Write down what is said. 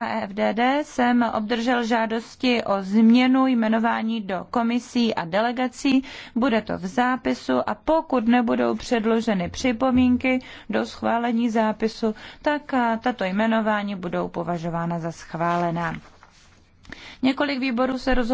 EFDD jsem obdržel žádosti o změnu jmenování do komisí a delegací. Bude to v zápisu a pokud nebudou předloženy připomínky do schválení zápisu, tak eh, tato jmenování budou považována za schválená. Několik výborů se rozhodlo,